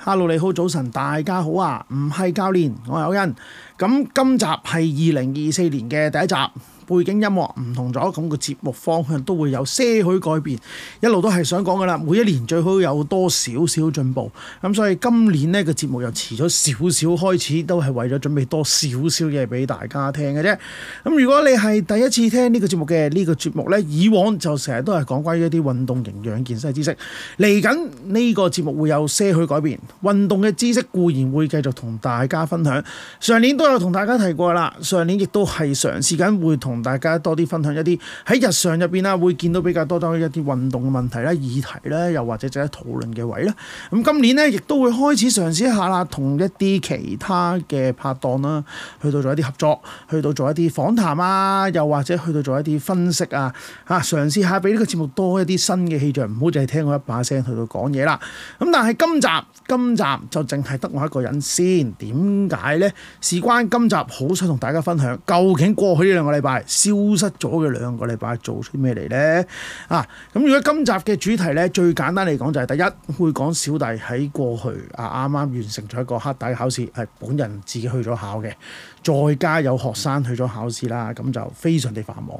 Hello，你好，早晨，大家好啊！唔係教練，我係 Owen，咁今集係二零二四年嘅第一集。背景音樂唔同咗，咁個節目方向都會有些許改變。一路都係想講噶啦，每一年最好有多少少進步。咁、嗯、所以今年呢個節目又遲咗少少開始，都係為咗準備多少少嘢俾大家聽嘅啫。咁、嗯、如果你係第一次聽呢個節目嘅呢、呢個節目呢以往就成日都係講關於一啲運動營養健身知識。嚟緊呢個節目會有些許改變，運動嘅知識固然會繼續同大家分享。上年都有同大家提過啦，上年亦都係嘗試緊會同。同大家多啲分享一啲喺日常入邊啊，會見到比較多多一啲運動嘅問題啦、議題啦，又或者值得討論嘅位啦。咁今年呢，亦都會開始嘗試一下啦，同一啲其他嘅拍檔啦，去到做一啲合作，去到做一啲訪談啊，又或者去到做一啲分析啊，吓，嘗試下俾呢個節目多一啲新嘅氣象，唔好淨係聽我一把聲去到講嘢啦。咁但係今集今集就淨係得我一個人先，點解呢？事關今集，好想同大家分享，究竟過去呢兩個禮拜。消失咗嘅兩個禮拜做出咩嚟呢？啊，咁如果今集嘅主題呢，最簡單嚟講就係，第一會講小弟喺過去啊啱啱完成咗一個黑帶考試，係本人自己去咗考嘅。再加有學生去咗考試啦，咁就非常地繁忙。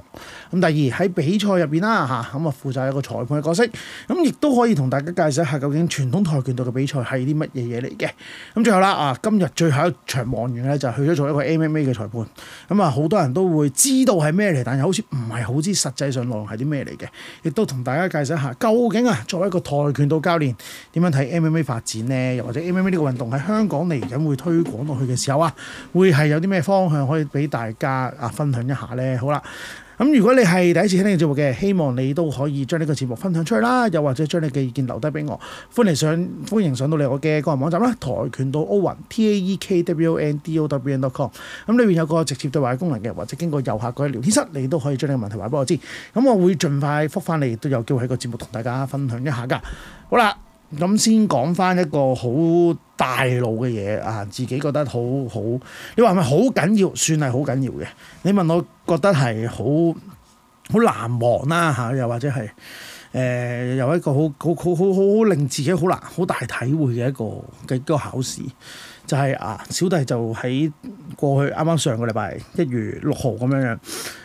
咁第二喺比賽入邊啦，吓，咁啊負責一個裁判嘅角色，咁亦都可以同大家介紹一下究竟傳統跆拳道嘅比賽係啲乜嘢嘢嚟嘅。咁最後啦，啊今日最後一場望完咧，就去咗做一個 MMA 嘅裁判。咁啊好多人都會知道係咩嚟，但又好似唔係好知實際上內容係啲咩嚟嘅。亦都同大家介紹一下究竟啊作為一個跆拳道教練點樣睇 MMA 發展呢？又或者 MMA 呢個運動喺香港嚟緊會推廣落去嘅時候啊，會係有啲。咩方向可以俾大家啊？分享一下呢？好啦。咁如果你係第一次聽呢個節目嘅，希望你都可以將呢個節目分享出去啦，又或者將你嘅意見留低俾我。歡迎上，歡迎上到嚟我嘅個人網站啦，跆拳道歐云 t a e k w o n d o w e n dot com。咁裏面有個直接對話嘅功能嘅，或者經過遊客嗰啲聊天室，你都可以將呢個問題話俾我知。咁我會盡快復翻你，都有機會喺個節目同大家分享一下噶。好啦。咁先講翻一個好大路嘅嘢啊，自己覺得好好，你話係咪好緊要？算係好緊要嘅。你問我覺得係好好難忘啦嚇、啊，又或者係誒、呃、有一個好好好好好令自己好難好大體會嘅一個嘅一個考試，就係、是、啊小弟就喺過去啱啱上個禮拜一月六號咁樣樣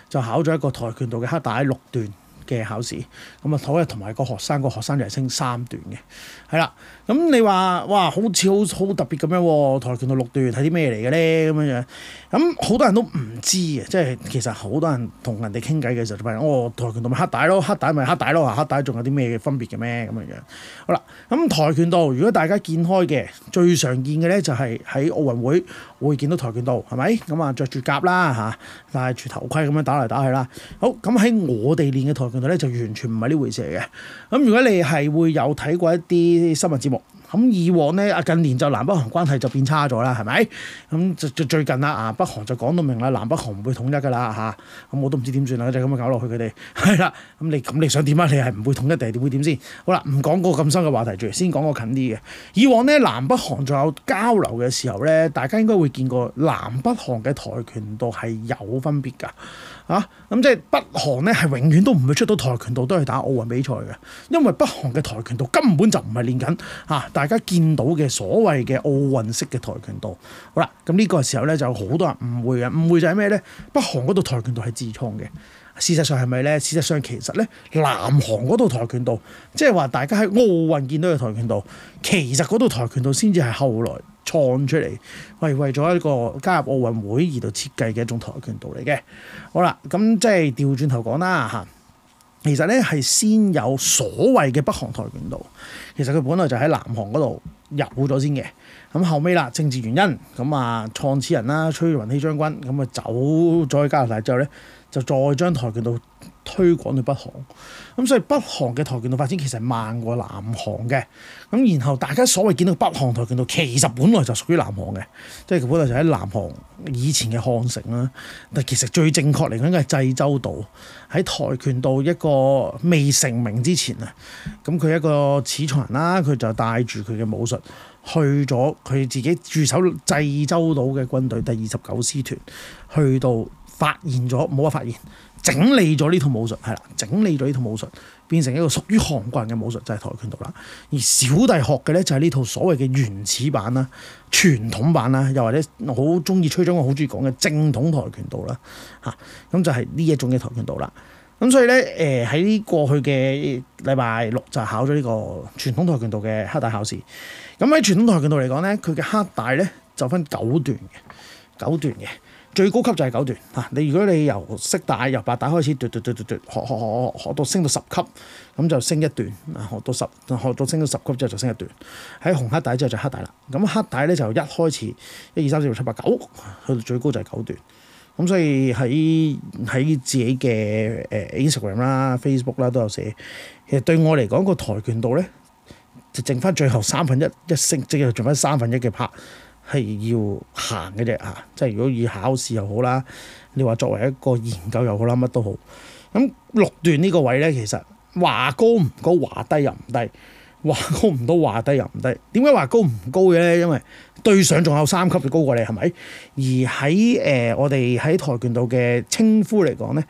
就考咗一個跆拳道嘅黑帶六段。嘅考試，咁啊頭日同埋個學生，個學生就係升三段嘅，係啦。咁你話哇，好似好好特別咁樣喎，跆拳道六段係啲咩嚟嘅咧？咁樣樣，咁好多人都唔知啊，即係其實好多人同人哋傾偈嘅時候，就問哦，跆拳道咪黑帶咯，黑帶咪黑帶咯，嚇，黑帶仲有啲咩分別嘅咩？咁樣樣，好啦，咁跆拳道如果大家見開嘅最常見嘅咧，就係喺奧運會會見到跆拳道，係咪？咁啊着住甲啦吓，戴住頭盔咁樣打嚟打去啦。好，咁喺我哋練嘅跆。就完全唔係呢回事嚟嘅。咁、嗯、如果你係會有睇過一啲新聞節目，咁、嗯、以往呢，啊近年就南北韓關係就變差咗啦，係咪？咁、嗯、就，就，就最近啦啊，北韓就講到明啦，南北韓唔會統一噶啦吓，咁、啊嗯、我都唔知點算啦，就咁樣搞落去佢哋係啦。咁、嗯、你咁、嗯你，嗯、你想點啊？你係唔會統一定係會點先？好啦，唔講個咁深嘅話題住，先講個近啲嘅。以往呢，南北韓仲有交流嘅時候呢，大家應該會見過南北韓嘅跆拳道係有分別㗎吓，咁、啊嗯、即係北韓呢，係永遠都唔會到跆拳道都係打奧運比賽嘅，因為北韓嘅跆拳道根本就唔係練緊吓，啊，大家見到嘅所謂嘅奧運式嘅跆拳道。好啦，咁呢個時候咧就好多人誤會啊，誤會就係咩咧？北韓嗰度跆拳道係自創嘅，事實上係咪咧？事實上其實咧，南韓嗰度跆拳道，即係話大家喺奧運見到嘅跆拳道，其實嗰度跆拳道先至係後來創出嚟，係為咗一個加入奧運會而度設計嘅一種跆拳道嚟嘅。好啦，咁即係調轉頭講啦吓。其實咧係先有所謂嘅北韓跆拳道，其實佢本來就喺南韓嗰度入咗先嘅，咁後尾啦，政治原因，咁啊創始人啦，崔雲熙將軍，咁啊走咗去加拿大之後咧，就再將跆拳道推廣到北韓，咁所以北韓嘅跆拳道發展其實慢過南韓嘅。咁然後大家所謂見到北韓跆拳道，其實本來就屬於南韓嘅，即係本來就喺南韓以前嘅漢城啦。但其實最正確嚟講，應該係濟州島喺跆拳道一個未成名之前啊，咁佢一個始創人啦，佢就帶住佢嘅武術去咗佢自己駐守濟州島嘅軍隊第二十九師團，去到發現咗，冇乜話發現。整理咗呢套武術，係啦，整理咗呢套武術變成一個屬於韓國人嘅武術，就係、是、跆拳道啦。而小弟學嘅咧就係呢套所謂嘅原始版啦、傳統版啦，又或者好中意吹，咗我好中意講嘅正統跆拳道啦。嚇、啊，咁就係呢一種嘅跆拳道啦。咁所以咧，誒、呃、喺過去嘅禮拜六就考咗呢個傳統跆拳道嘅黑帶考試。咁喺傳統跆拳道嚟講咧，佢嘅黑帶咧就分九段嘅，九段嘅。最高級就係九段吓！你如果你由色帶由白帶開始，嘟嘟嘟嘟嘟，學學學學學到升到十級，咁就升一段啊！學到十學到升到十級之後就升一段。喺紅黑帶之後就黑帶啦。咁黑帶咧就一開始，一二三四五六七八九，去到最高就係九段。咁所以喺喺自己嘅誒、呃 Instagram 啦、Facebook 啦都有寫。其實對我嚟講，個跆拳道咧，就剩翻最後三分一一升，即係就剩翻三分一嘅拍。係要行嘅啫吓，即係如果以考試又好啦，你話作為一個研究又好啦，乜都好。咁六段呢個位咧，其實話高唔高，話低又唔低，話高唔高，話低又唔低。點解話高唔高嘅咧？因為對上仲有三級嘅高過你，係咪？而喺誒、呃、我哋喺跆拳道嘅稱呼嚟講咧。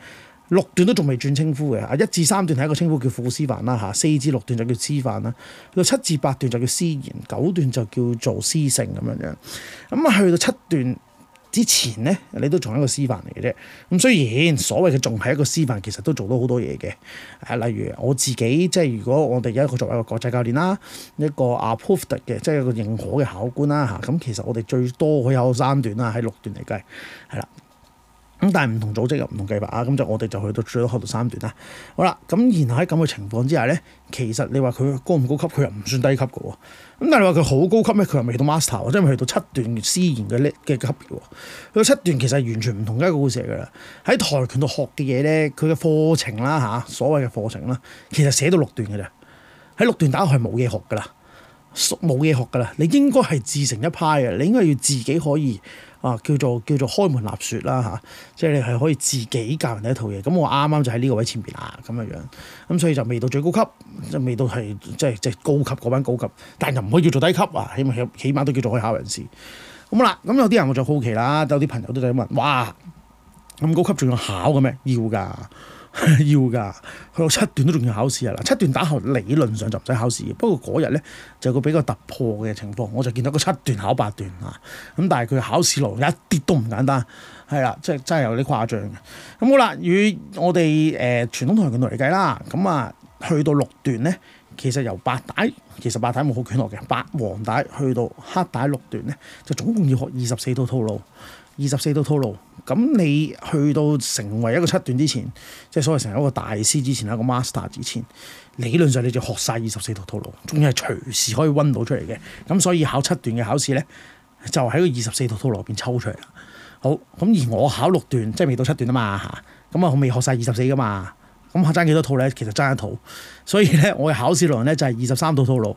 六段都仲未轉稱呼嘅，啊一至三段係一個稱呼叫副師範啦嚇，四至六段就叫師範啦，去到七至八段就叫師賢，九段就叫做師聖咁樣樣。咁啊去到七段之前咧，你都仲係一個師範嚟嘅啫。咁雖然所謂嘅仲係一個師範，其實都做到好多嘢嘅。誒，例如我自己即係如果我哋有一個作為一個國際教練啦，一個 approved 嘅即係一個認可嘅考官啦嚇，咁其實我哋最多佢有三段啦，喺六段嚟計係啦。咁但係唔同組織又唔同技法啊，咁、嗯、就我哋就去到最多學到三段啦。好啦，咁然後喺咁嘅情況之下咧，其實你話佢高唔高級，佢又唔算低級嘅喎。咁但係你話佢好高級咧，佢又未到 master，即、啊、係未去到七段師言嘅叻嘅級別。佢七段其實係完全唔同嘅一個故事嘅啦。喺跆拳道學嘅嘢咧，佢嘅課程啦嚇、啊，所謂嘅課程啦，其實寫到六段嘅咋。喺六段打學係冇嘢學嘅啦。冇嘢學㗎啦，你應該係自成一派啊！你應該要自己可以啊，叫做叫做開門立雪啦嚇，即係你係可以自己教人哋一套嘢。咁、啊、我啱啱就喺呢個位前邊啊，咁嘅樣，咁、啊、所以就未到最高級，就未到係即係即係高級嗰班高級，但係又唔可以叫做低級啊，因為起碼起碼都叫做可以考人士。咁、啊、啦，咁有啲人我就好奇啦，有啲朋友都就問：哇，咁高級仲要考嘅咩？要㗎。 要㗎，去到七段都仲要考試啊！七段打後理論上就唔使考試，不過嗰日咧就有個比較突破嘅情況，我就見到個七段考八段啊！咁但係佢考試內容一啲都唔簡單，係啦，即係真係有啲誇張嘅。咁、嗯、好啦，與我哋誒、呃、傳統套路嚟計啦，咁啊去到六段咧，其實由白帶其實白帶冇好卷落嘅，白黃帶去到黑帶六段咧，就總共要學二十四套套路。二十四道套路，咁你去到成為一個七段之前，即係所謂成為一個大師之前，一個 master 之前，理論上你就學晒二十四道套路，仲係隨時可以温到出嚟嘅。咁所以考七段嘅考試呢，就喺個二十四道套路入邊抽出嚟啦。好，咁而我考六段，即係未到七段啊嘛嚇，咁啊我未學晒二十四噶嘛，咁爭幾多套呢？其實爭一套，所以呢，我嘅考試內容咧就係二十三道套路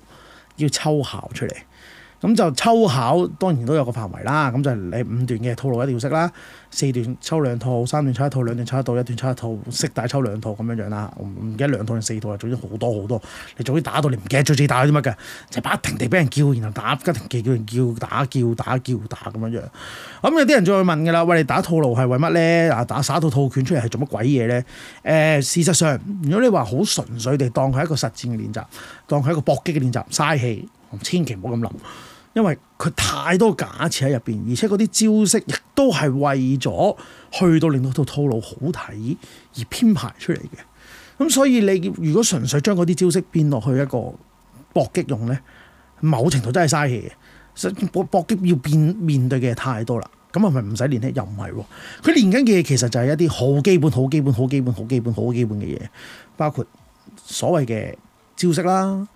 要抽考出嚟。咁就抽考當然都有個範圍啦，咁就係你五段嘅套路一定要識啦。四段抽兩套，三段抽一套，兩段抽一套，一段抽一套，色帶抽兩套咁樣樣啦。唔唔記得兩套定四套啊？總之好多好多。你仲啲打到你唔記得最屌打啲乜嘅，就不停地俾人叫，然後打不停地叫人叫打叫打叫打咁樣樣。咁、嗯、有啲人就會問㗎啦，喂，你打套路係為乜咧？啊，打耍到套拳出嚟係做乜鬼嘢咧？誒、呃，事實上，如果你話好純粹地當佢係一個實戰嘅練習，當佢係一個搏擊嘅練習，嘥氣，千祈唔好咁諗。因為佢太多假設喺入邊，而且嗰啲招式亦都係為咗去到令到套套路好睇而編排出嚟嘅。咁所以你如果純粹將嗰啲招式變落去一個搏擊用咧，某程度真係嘥氣嘅。搏搏，搏擊要變面對嘅嘢太多啦。咁係咪唔使練咧？又唔係喎。佢練緊嘅嘢其實就係一啲好基本、好基本、好基本、好基本、好基本嘅嘢，包括所謂嘅招式啦。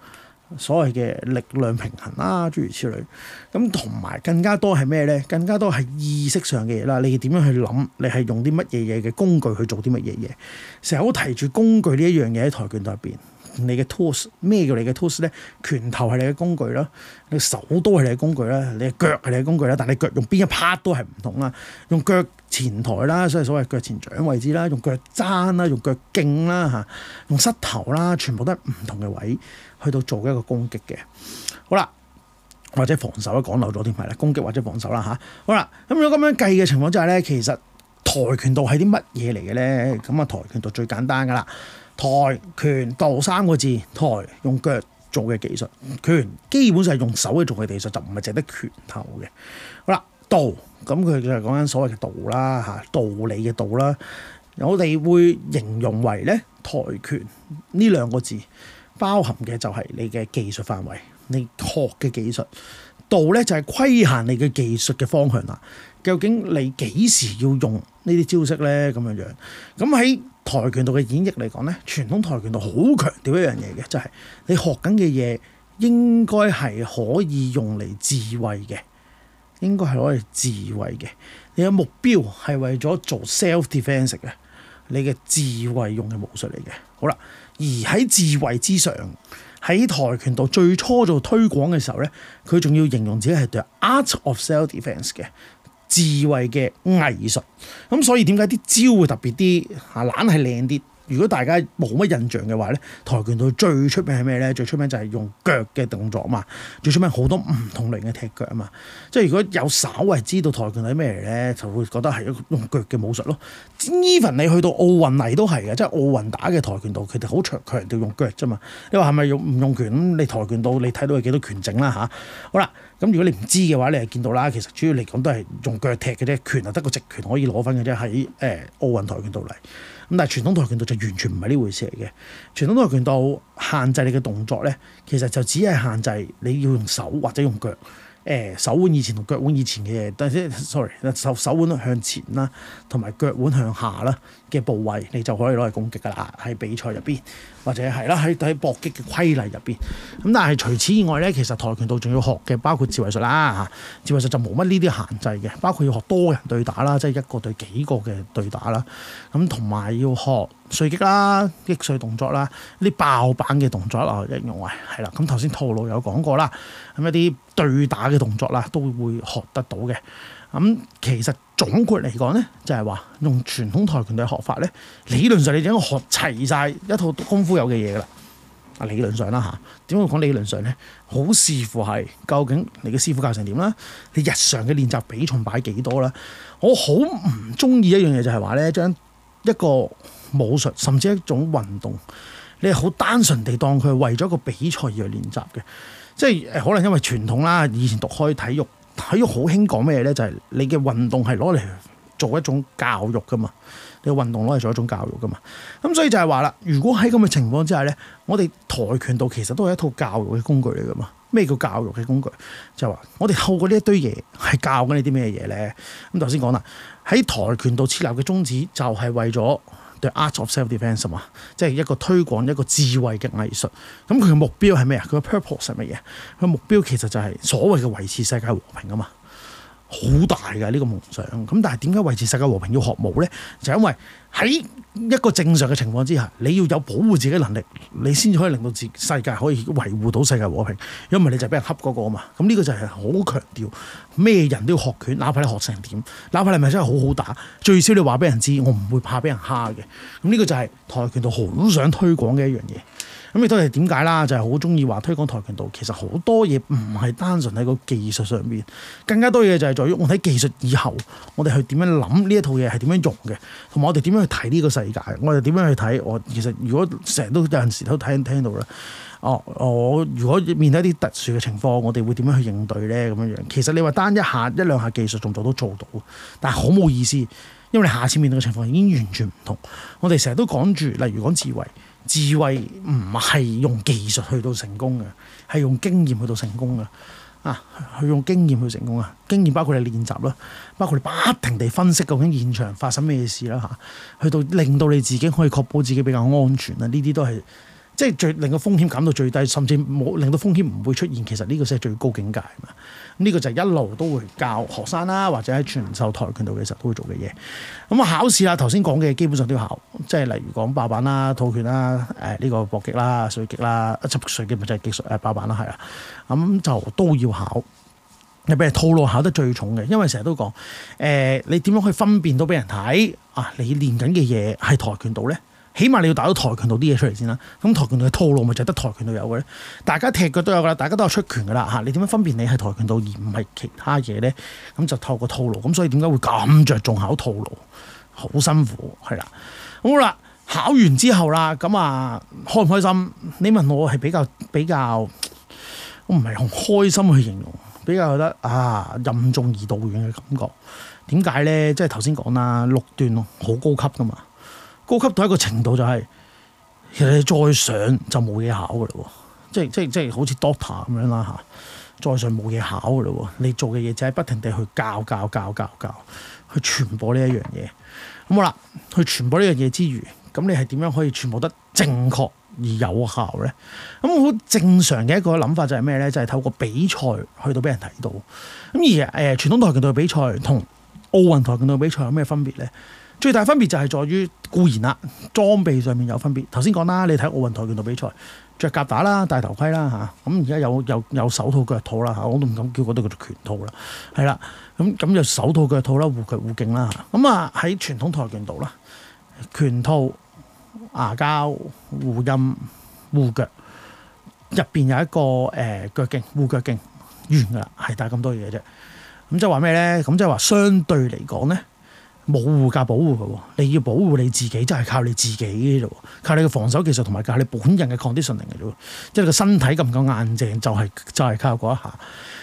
所謂嘅力量平衡啦，諸如此類。咁同埋更加多係咩咧？更加多係意識上嘅嘢啦。你點樣去諗？你係用啲乜嘢嘢嘅工具去做啲乜嘢嘢？成日好提住工具呢一樣嘢喺跆拳道入邊。你嘅 tools 咩叫你嘅 tools 咧？拳頭係你嘅工具啦，你手都係你嘅工具啦，你嘅腳係你嘅工具啦。但係你腳用邊一 part 都係唔同啦，用腳前台啦，所以所謂腳前掌位置啦，用腳踭啦，用腳勁啦嚇，用膝頭啦，全部都係唔同嘅位去到做一個攻擊嘅。好啦，或者防守咧，講漏咗添係啦，攻擊或者防守啦嚇。好啦，咁如果咁樣計嘅情況之下咧，其實跆拳道係啲乜嘢嚟嘅咧？咁啊，跆拳道最簡單㗎啦。跆拳道三個字，跆用腳做嘅技術，拳基本上係用手去做嘅技術，就唔係淨係得拳頭嘅。好啦，道。咁佢就講緊所謂嘅道啦，嚇，道理嘅道啦，我哋會形容為咧，跆拳呢兩個字包含嘅就係你嘅技術範圍。你學嘅技術道咧，就係規限你嘅技術嘅方向啦。究竟你幾時要用呢啲招式呢？咁樣樣咁喺跆拳道嘅演繹嚟講呢，傳統跆拳道好強調一樣嘢嘅，就係、是、你學緊嘅嘢應該係可以用嚟自衞嘅，應該係攞嚟自衞嘅。你嘅目標係為咗做 self defense 嘅，你嘅自衞用嘅武術嚟嘅。好啦，而喺自衞之上。喺跆拳道最初做推廣嘅時候咧，佢仲要形容自己係對 art of self defence 嘅智慧嘅藝術，咁所以點解啲招會特別啲嚇，懶係靚啲。如果大家冇乜印象嘅話咧，跆拳道最出名係咩咧？最出名就係用腳嘅動作啊嘛，最出名好多唔同類型嘅踢腳啊嘛。即係如果有稍微知道跆拳係咩嚟咧，就會覺得係用腳嘅武術咯。Even 你去到奧運嚟都係嘅，即係奧運打嘅跆拳道，佢哋好強強調用腳啫嘛。你話係咪用唔用拳？你跆拳道你睇到有幾多拳整啦、啊、吓，好啦，咁如果你唔知嘅話，你係見到啦。其實主要嚟講都係用腳踢嘅啫，拳啊得個直拳可以攞分嘅啫。喺誒、欸、奧運跆拳道嚟。咁但係傳統跆拳道就完全唔係呢回事嚟嘅。傳統跆拳道限制你嘅動作呢，其實就只係限制你要用手或者用腳。誒手腕以前同腳腕以前嘅，或者 sorry，手手腕向前啦，同埋腳腕向下啦嘅部位，你就可以攞嚟攻擊噶啦，喺比賽入邊或者係啦，喺喺搏擊嘅規例入邊。咁但係除此以外咧，其實跆拳道仲要學嘅包括自衛術啦嚇，自衛術就冇乜呢啲限制嘅，包括要學多人對打啦，即係一個對幾個嘅對打啦，咁同埋要學。碎擊啦，擊碎動作啦，呢啲爆板嘅動作啊，應用為係啦。咁頭先套路有講過啦，咁一啲對打嘅動作啦，都會學得到嘅。咁其實總括嚟講咧，就係話用傳統跆拳道學法咧，理論上你已經學齊晒一套功夫有嘅嘢㗎啦。啊，理論上啦吓，點解講理論上咧？好視乎係究竟你嘅師傅教成點啦，你日常嘅練習比重擺幾多啦？我好唔中意一樣嘢就係話咧將。一個武術，甚至一種運動，你係好單純地當佢係為咗個比賽而去練習嘅，即係可能因為傳統啦，以前讀開體育，體育好興講咩咧？就係你嘅運動係攞嚟做一種教育噶嘛，你嘅運動攞嚟做一種教育噶嘛。咁所以就係話啦，如果喺咁嘅情況之下咧，我哋跆拳道其實都係一套教育嘅工具嚟噶嘛。咩叫教育嘅工具？就係話我哋透過呢一堆嘢係教緊你啲咩嘢咧？咁頭先講啦。喺跆拳道設立嘅宗旨就係、是、為咗對 arts of self defense 啊嘛，defense, 即係一個推廣一個智慧嘅藝術，咁佢嘅目標係咩啊？佢嘅 purpose 係乜嘢？佢嘅目標其實就係所謂嘅維持世界和平啊嘛。好大嘅呢個夢想咁，但係點解維持世界和平要學武呢？就因為喺一個正常嘅情況之下，你要有保護自己能力，你先至可以令到自世界可以維護到世界和平。因為你就係俾人恰嗰個啊嘛。咁呢個就係好強調咩人都要學拳，哪怕你學成點，哪怕你唔係真係好好打，最少你話俾人知，我唔會怕俾人蝦嘅。咁呢個就係跆拳道好想推廣嘅一樣嘢。咁亦都係點解啦？就係好中意話推廣跆拳道，其實好多嘢唔係單純喺個技術上面，更加多嘢就係在於我睇技術以後，我哋去點樣諗呢一套嘢係點樣用嘅，同埋我哋點樣去睇呢個世界？我哋點樣去睇？我其實如果成日都有陣時都聽聽到啦。哦，我如果面對一啲特殊嘅情況，我哋會點樣去應對咧？咁樣樣其實你話單一下一兩下技術仲做到做到，但係好冇意思，因為你下次面對嘅情況已經完全唔同。我哋成日都講住，例如講智慧。智慧唔係用技術去到成功嘅，係用經驗去到成功嘅。啊，去用經驗去成功啊！經驗包括你練習啦，包括你不停地分析究竟現場發生咩事啦吓、啊，去到令到你自己可以確保自己比較安全啦。呢啲都係。即係最令個風險減到最低，甚至冇令到風險唔會出現。其實呢個先係最高境界啊！呢、嗯這個就一路都會教學生啦，或者喺傳授跆拳道嘅時候都會做嘅嘢。咁、嗯、啊，考試啦，頭先講嘅基本上都要考，即係例如講爆板啦、套拳啦、誒、呃、呢、這個搏擊啦、水擊啦、一濕水擊咪就係技術誒爆板啦，係、啊、啦，咁、嗯、就都要考。特別係套路考得最重嘅，因為成日都講誒、呃，你點樣去分辨到俾人睇啊？你練緊嘅嘢係跆拳道咧？起碼你要打到跆拳道啲嘢出嚟先啦，咁跆拳道嘅套路咪就得跆拳道有嘅咧，大家踢腳都有噶啦，大家都有出拳噶啦嚇，你點樣分辨你係跆拳道而唔係其他嘢咧？咁就透過套路，咁所以點解會咁着重考套路，好辛苦係啦。好啦，考完之後啦，咁啊開唔開心？你問我係比較比較，比較，我唔係用開心去形容，比較覺得啊任重而道遠嘅感覺。點解咧？即係頭先講啦，六段好高級噶嘛。高級到一個程度就係、是，其實你再上就冇嘢考噶啦，即係即係即係好似 doctor 咁樣啦吓，再上冇嘢考噶啦，你做嘅嘢就係不停地去教教教教教，去傳播呢一樣嘢。咁、嗯、好啦，去傳播呢樣嘢之餘，咁你係點樣可以傳播得正確而有效咧？咁好正常嘅一個諗法就係咩咧？就係、是、透過比賽去到俾人睇到。咁而誒，傳、呃、統跆拳道比賽同奧運跆拳道比賽有咩分別咧？最大分別就係在於固然啦，裝備上面有分別。頭先講啦，你睇奧運跆拳道比賽，着甲打啦，戴頭盔啦，嚇咁而家有有有手套腳套啦，嚇我都唔敢叫嗰度叫做拳套啦，係、啊、啦，咁咁又手套腳套啦，護腳護脛啦，咁啊喺傳統跆拳道啦，拳套、牙膠、護陰、護腳，入邊有一個誒、呃、腳脛、護腳脛，完㗎啦，係帶咁多嘢啫。咁即係話咩咧？咁即係話相對嚟講咧。冇護架保護嘅，你要保護你自己，就係、是、靠你自己嘅啫，靠你嘅防守技術同埋靠你本人嘅 conditioning 嘅啫。即係個身體夠唔夠硬淨，就係、是、就係、是、靠嗰一下。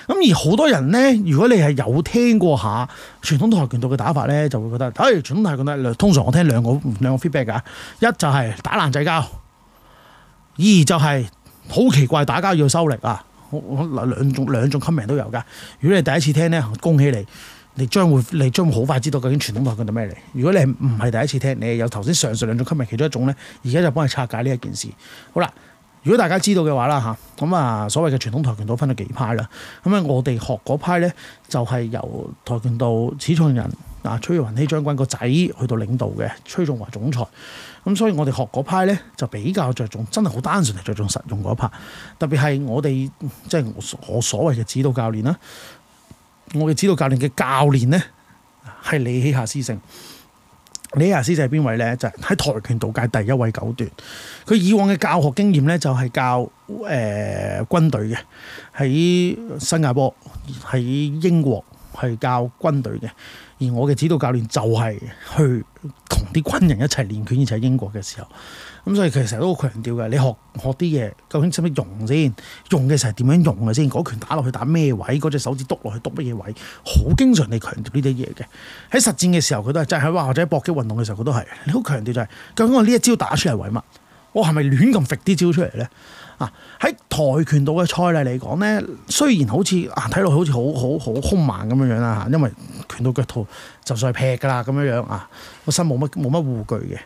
咁而好多人咧，如果你係有聽過下傳統跆拳道嘅打法咧，就會覺得，唉、哎，傳統跆拳道通常我聽兩個兩個 feedback 嘅，一就係打爛仔交，二就係好奇怪打交要收力啊！兩種兩種 comment 都有噶。如果你第一次聽咧，恭喜你。你將會，你將會好快知道究竟傳統跆拳道係咩嚟。如果你係唔係第一次聽，你有頭先上述兩種吸引其中一種咧，而家就幫你拆解呢一件事。好啦，如果大家知道嘅話啦嚇，咁啊所謂嘅傳統跆拳道分咗幾派啦。咁啊我哋學嗰派咧就係由跆拳道始創人啊崔雲熙將軍個仔去到領導嘅崔仲華總裁。咁所以我哋學嗰派咧就比較着重，真係好單純係着重實用嗰一派。特別係我哋即係我所謂嘅指導教練啦。我嘅指導教練嘅教練呢，係李起夏師聖。李起夏師聖係邊位呢？就係喺跆拳道界第一位九段。佢以往嘅教學經驗呢，就係、是、教、誒、呃、軍隊嘅，喺新加坡、喺英國係教軍隊嘅。而我嘅指導教練就係去同啲軍人一齊練拳，而喺英國嘅時候。咁、嗯、所以其實成日都好強調嘅，你學學啲嘢究竟使乜用先？用嘅時候點樣用啊？先、那、嗰、個、拳打落去打咩位？嗰、那、隻、個、手指篤落去篤乜嘢位？好經常嚟強調呢啲嘢嘅。喺實戰嘅時候，佢都係即係喺學校或者搏擊運動嘅時候，佢都係你好強調就係、是、究竟我呢一招打出嚟為乜？我係咪亂咁揈啲招出嚟咧？啊喺跆拳道嘅賽例嚟講咧，雖然好似啊睇落去好似好好好兇猛咁樣樣啦嚇，因為拳到腳套就算係劈㗎啦咁樣樣啊，個、啊、身冇乜冇乜護具嘅。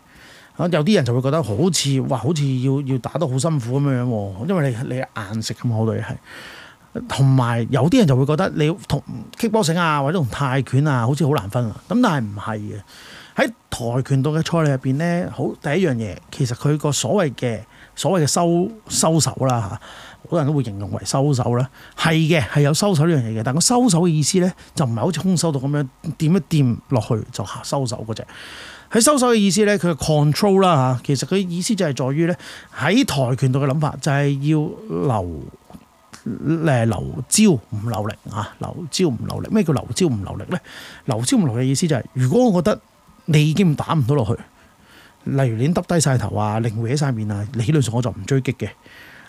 有啲人就會覺得好似哇，好似要要打得好辛苦咁樣樣，因為你你硬食咁好多嘢係，同埋有啲人就會覺得你同踢波性啊或者同泰拳啊好似好難分啊，咁但係唔係嘅。喺跆拳道嘅賽例入邊咧，好第一樣嘢其實佢個所謂嘅所謂嘅收收手啦嚇，好多人都會形容為收手啦，係嘅係有收手呢樣嘢嘅，但係個收手嘅意思咧就唔係好似空手道咁樣掂一掂落去就收手嗰隻。喺收手嘅意思咧，佢 control 啦、啊、嚇，其實佢意思就係在於咧，喺跆拳道嘅諗法就係要留誒、呃、留招唔留力啊，留招唔留力。咩叫留招唔留力咧？留招唔留力嘅意思就係、是，如果我覺得你已經打唔到落去，例如你耷低晒頭啊，擰歪晒面啊，理論上我就唔追擊嘅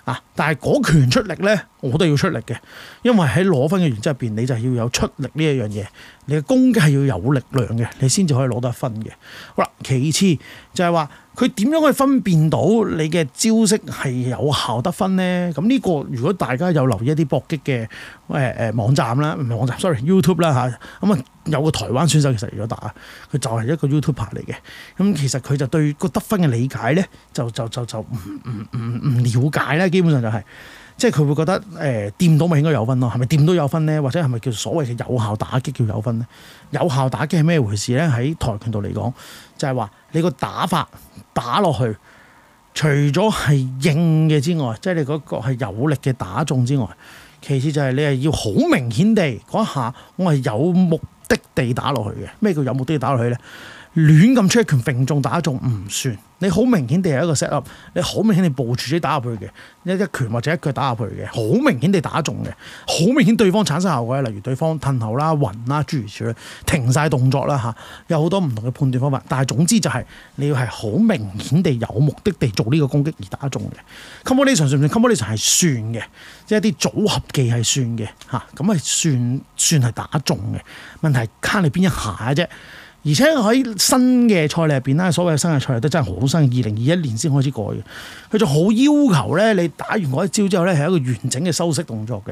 啊。但係嗰拳出力咧，我都要出力嘅，因為喺攞分嘅原則入邊，你就係要有出力呢一樣嘢。你嘅攻擊係要有力量嘅，你先至可以攞得分嘅。好啦，其次就係話佢點樣可以分辨到你嘅招式係有效得分咧？咁呢、這個如果大家有留意一啲搏擊嘅誒誒網站啦，唔係網站，sorry YouTube 啦、啊、吓，咁啊有個台灣選手其實嚟咗打，佢就係一個 YouTuber 嚟嘅。咁其實佢就對個得分嘅理解咧，就就就就唔唔唔唔瞭解咧，基本上就係、是。即係佢會覺得誒、呃、掂到咪應該有分咯，係咪掂到有分咧？或者係咪叫做所謂嘅有效打擊叫有分咧？有效打擊係咩回事咧？喺跆拳道嚟講，就係、係、話你個打法打落去，除咗係硬嘅之外，即係你嗰個係有力嘅打中之外，其次就係你係要好明顯地嗰一下，我係有目的地打落去嘅。咩叫有目的地打落去咧？亂咁出一拳平中打中唔算。你好明顯地係一個 set up，你好明顯地部署己打入去嘅，一一拳或者一腳打入去嘅，好明顯地打中嘅，好明顯對方產生效果例如對方褪後啦、暈啦、諸如此類，停晒動作啦嚇、啊，有好多唔同嘅判斷方法，但係總之就係、是、你要係好明顯地有目的地做呢個攻擊而打中嘅。 Combination Comp 算唔算？Combination 係算嘅，即、就、係、是、一啲組合技係算嘅嚇，咁、啊、係算算係打中嘅。問題卡你邊一下啫。而且喺新嘅賽例入邊啦，所謂嘅新嘅賽例都真係好新，二零二一年先開始改嘅。佢就好要求咧，你打完嗰一招之後咧，係一個完整嘅收式動作嘅。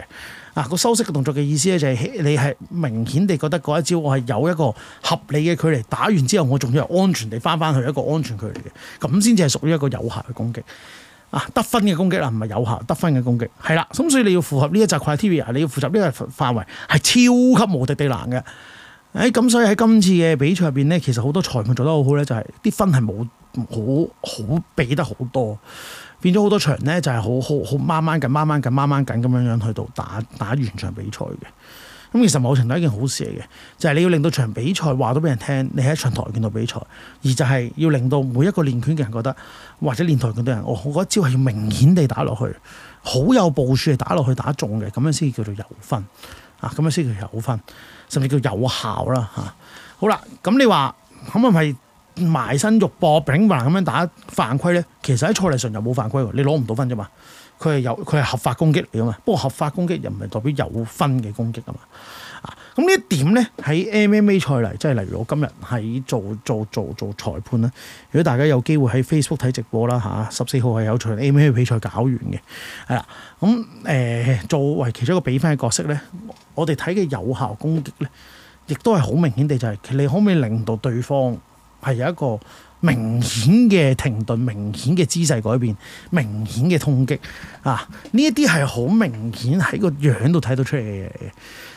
嗱、啊，個收式嘅動作嘅意思咧，就係你係明顯地覺得嗰一招我係有一個合理嘅距離，打完之後我仲要安全地翻翻去一個安全距離嘅，咁先至係屬於一個有效嘅攻擊。啊，得分嘅攻擊啦，唔係有效得分嘅攻擊，係、啊、啦。咁所以你要符合呢一集 criteria 啊，你要符合呢個範圍，係超級無敵地難嘅。誒咁、哎，所以喺今次嘅比賽入邊咧，其實好多裁判做得好好咧，就係、是、啲分係冇好好俾得好多，變咗好多場咧就係好好好慢慢緊、慢慢緊、慢慢緊咁樣樣去到打打完場比賽嘅。咁、嗯、其實某程度係一件好事嚟嘅，就係、是、你要令到場比賽話到俾人聽，你喺一場跆拳道比賽，而就係要令到每一個練拳嘅人覺得，或者練跆拳道人，我我嗰一招係要明顯地打落去，好有部署，係打落去打中嘅，咁樣先叫做有分啊，咁樣先叫有分。甚至叫有效啦嚇、啊，好啦，咁你話咁係咪埋身肉搏、拼命咁樣打犯規咧？其實喺賽例上又冇犯規喎，你攞唔到分啫嘛。佢係有佢係合法攻擊嚟嘅嘛，不過合法攻擊又唔係代表有分嘅攻擊啊嘛。咁呢一點咧喺 MMA 賽嚟，即係例如我今日喺做做做做裁判啦。如果大家有機會喺 Facebook 睇直播啦嚇，十四號係有場 MMA 比賽搞完嘅，係、啊、啦。咁、嗯、誒、呃、作為其中一個比分嘅角色咧，我哋睇嘅有效攻擊咧，亦都係好明顯地就係、是，你可唔可以令到對方係有一個明顯嘅停頓、明顯嘅姿勢改變、明顯嘅痛擊啊？呢一啲係好明顯喺個樣度睇到出嚟嘅。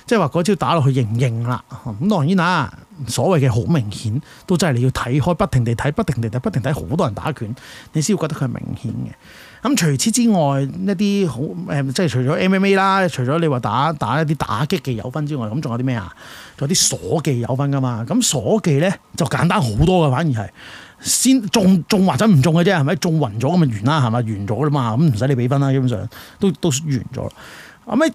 即係話嗰招打落去認唔認啦？咁當然啦、啊，所謂嘅好明顯，都真係你要睇開，不停地睇，不停地睇，不停睇，好多人打拳，你先會覺得佢係明顯嘅。咁、嗯、除此之外，一啲好，呃、即係除咗 MMA 啦，除咗你話打打一啲打擊技有分之外，咁、嗯、仲有啲咩啊？仲有啲鎖技有分噶嘛？咁、嗯、鎖技咧就簡單好多噶，反而係先中中或者唔中嘅啫，係咪？中暈咗咁咪完啦，係咪？完咗啦嘛，咁唔使你俾分啦，基本上都都，都完咗。後、嗯、屘。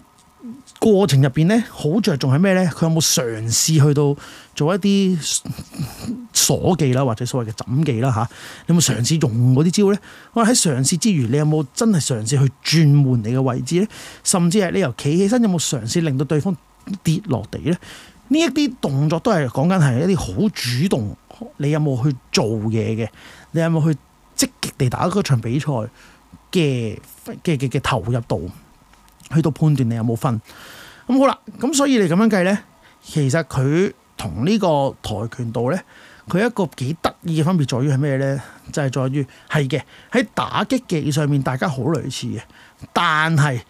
過程入邊咧，好着重係咩咧？佢有冇嘗試去到做一啲鎖技啦，或者所謂嘅枕技啦嚇？啊、你有冇嘗試用嗰啲招咧？我喺嘗試之餘，你有冇真係嘗試去轉換你嘅位置咧？甚至係你由企起身，有冇嘗試令到對方跌落地咧？呢一啲動作都係講緊係一啲好主動，你有冇去做嘢嘅？你有冇去積極地打嗰場比賽嘅嘅嘅嘅投入度？去到判斷你有冇分，咁好啦。咁所以你咁樣計呢？其實佢同呢個跆拳道呢，佢一個幾得意嘅分別在於係咩呢？就係在於係嘅喺打擊技上面，大家好類似嘅，但係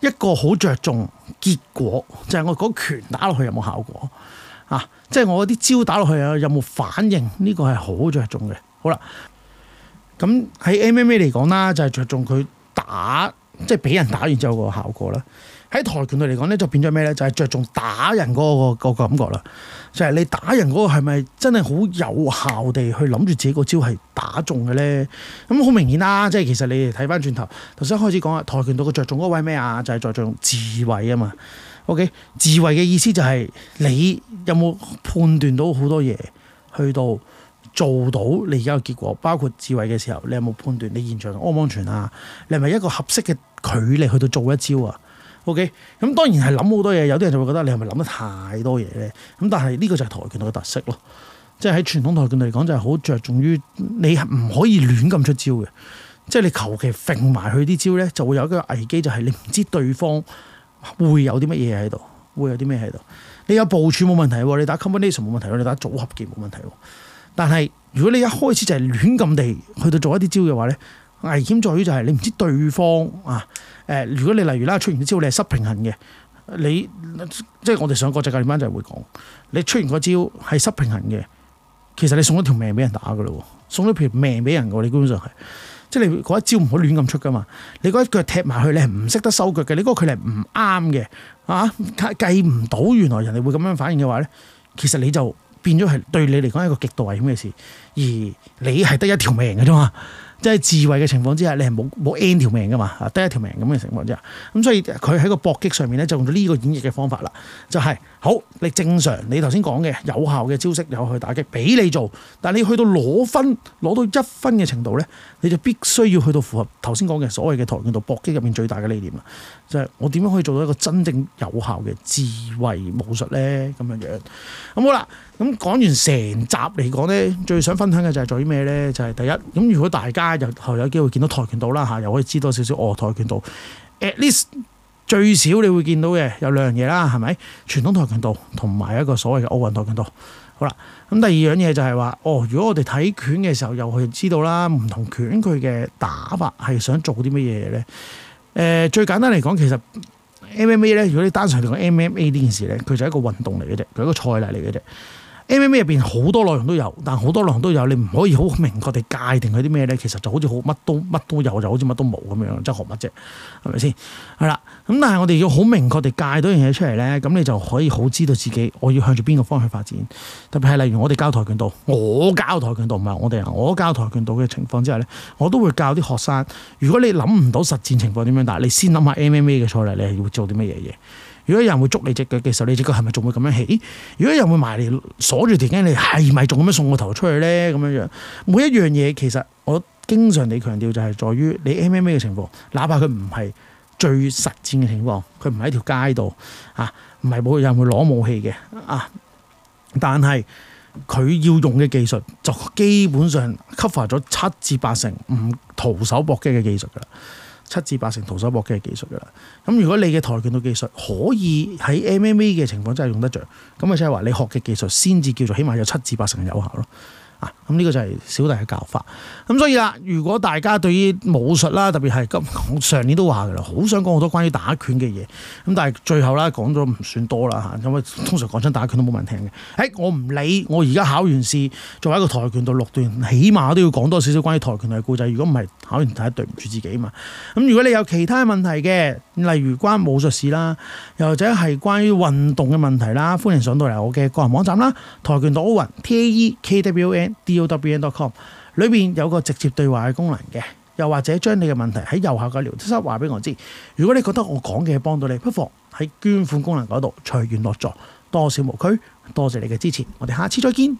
一個好着重結果，就係我嗰拳打落去有冇效果啊？即係我啲招打落去有有冇反應？呢個係好着重嘅。好啦，咁喺 MMA 嚟講啦，就係着重佢打。即係俾人打完之後個效果啦。喺跆拳道嚟講咧，就變咗咩咧？就係、是、着重打人嗰、那個那個感覺啦。就係、是、你打人嗰個係咪真係好有效地去諗住自己個招係打中嘅咧？咁好明顯啦、啊。即係其實你哋睇翻轉頭，頭先開始講啊，跆拳道嘅着重嗰位咩啊？就係、是、着重自衛啊嘛。O K，自衛嘅意思就係、是、你有冇判斷到好多嘢去到做到你而家嘅結果，包括自衛嘅時候，你有冇判斷你現場安唔安全啊？你係咪一個合適嘅？距離去到做一招啊，OK，咁當然係諗好多嘢，有啲人就會覺得你係咪諗得太多嘢咧？咁但係呢個就係跆拳道嘅特色咯，即係喺傳統跆拳道嚟講就係好着重於你係唔可以亂咁出招嘅，即係你求其揈埋佢啲招咧，就會有一個危機，就係你唔知對方會有啲乜嘢喺度，會有啲咩喺度。你有部署冇問題喎，你打 combination 冇問題，你打組合技冇問題，但係如果你一開始就係亂咁地去到做一啲招嘅話咧。危險在於就係你唔知對方啊，誒、呃，如果你例如啦，出完招你係失平衡嘅，你即係我哋上國際教練班就係會講，你出完嗰招係失平衡嘅，其實你送咗條命俾人打噶啦，送咗條命俾人嘅，你根本上係即係你嗰一招唔好亂咁出噶嘛，你嗰一腳踢埋去你係唔識得收腳嘅，你嗰個距離唔啱嘅啊，計唔到原來人哋會咁樣反應嘅話咧，其實你就變咗係對你嚟講係一個極度危險嘅事，而你係得一條命嘅啫嘛。即係自衞嘅情況之下，你係冇冇 n 條命噶嘛？啊，得一條命咁嘅情況之下，咁、嗯、所以佢喺個搏擊上面咧，就用咗呢個演繹嘅方法啦，就係、是。好，你正常，你頭先講嘅有效嘅招式有去打擊，俾你做，但係你去到攞分，攞到一分嘅程度呢，你就必須要去到符合頭先講嘅所謂嘅跆拳道搏擊入面最大嘅理念啊，就係我點樣可以做到一個真正有效嘅智慧武術呢？咁樣樣。咁好啦，咁講完成集嚟講呢，最想分享嘅就係做啲咩呢？就係第一，咁如果大家日後有機會見到跆拳道啦嚇，又可以知多少少哦，跆拳道 at least。最少你會見到嘅有兩樣嘢啦，係咪傳統跆拳道同埋一個所謂嘅奧運跆拳道？好啦，咁第二樣嘢就係話，哦，如果我哋睇拳嘅時候，又係知道啦，唔同拳佢嘅打法係想做啲乜嘢嘢咧？誒、呃，最簡單嚟講，其實 MMA 咧，如果你單純嚟講 MMA 呢件事咧，佢就係一個運動嚟嘅啫，佢係一個賽例嚟嘅啫。MMA 入邊好多內容都有，但好多內容都有，你唔可以好明確地界定佢啲咩咧。其實就好似好乜都乜都有，就好似乜都冇咁樣，即係學乜啫？係咪先？係啦。咁但係我哋要好明確地界到一樣嘢出嚟咧，咁你就可以好知道自己我要向住邊個方向發展。特別係例如我哋教跆拳道，我教跆拳道唔係我哋啊，我教跆拳道嘅情況之下咧，我都會教啲學生。如果你諗唔到實戰情況點樣打，但係你先諗下 MMA 嘅賽例，你係要做啲乜嘢嘢。如果有人會捉你隻腳嘅時候，你隻腳係咪仲會咁樣起？如果有人會埋嚟鎖住條頸，你係咪仲咁樣送個頭出去咧？咁樣樣，每一樣嘢其實我經常地強調就係在於你 MMA 嘅情況，哪怕佢唔係最實戰嘅情況，佢唔喺條街度啊，唔係冇人會攞武器嘅啊，但係佢要用嘅技術就基本上 cover 咗七至八成唔徒手搏擊嘅技術噶啦。七至八成徒手搏擊嘅技術㗎啦，咁如果你嘅跆拳道技術可以喺 MMA 嘅情況真係用得着，咁咪即係話你學嘅技術先至叫做，起碼有七至八成有效咯。啊，咁呢個就係小弟嘅教法。咁所以啦，如果大家對於武術啦，特別係今上年都話嘅啦，好想講好多關於打拳嘅嘢。咁但係最後啦，講咗唔算多啦嚇。咁啊，通常講親打拳都冇人聽嘅。誒，我唔理，我而家考完試，作為一個跆拳道六段，起碼都要講多少少關於跆拳道嘅故仔。如果唔係，考完大家對唔住自己嘛。咁如果你有其他問題嘅，例如關於武術事啦，又或者係關於運動嘅問題啦，歡迎上到嚟我嘅個人網站啦，跆拳道 Owen T A E K W N taekwondowen.com 裏邊有個直接對話嘅功能嘅，又或者將你嘅問題喺右下角聊天室話俾我知。如果你覺得我講嘅係幫到你，不妨喺捐款功能嗰度隨緣落座。多少唔拘，多謝你嘅支持，我哋下次再見。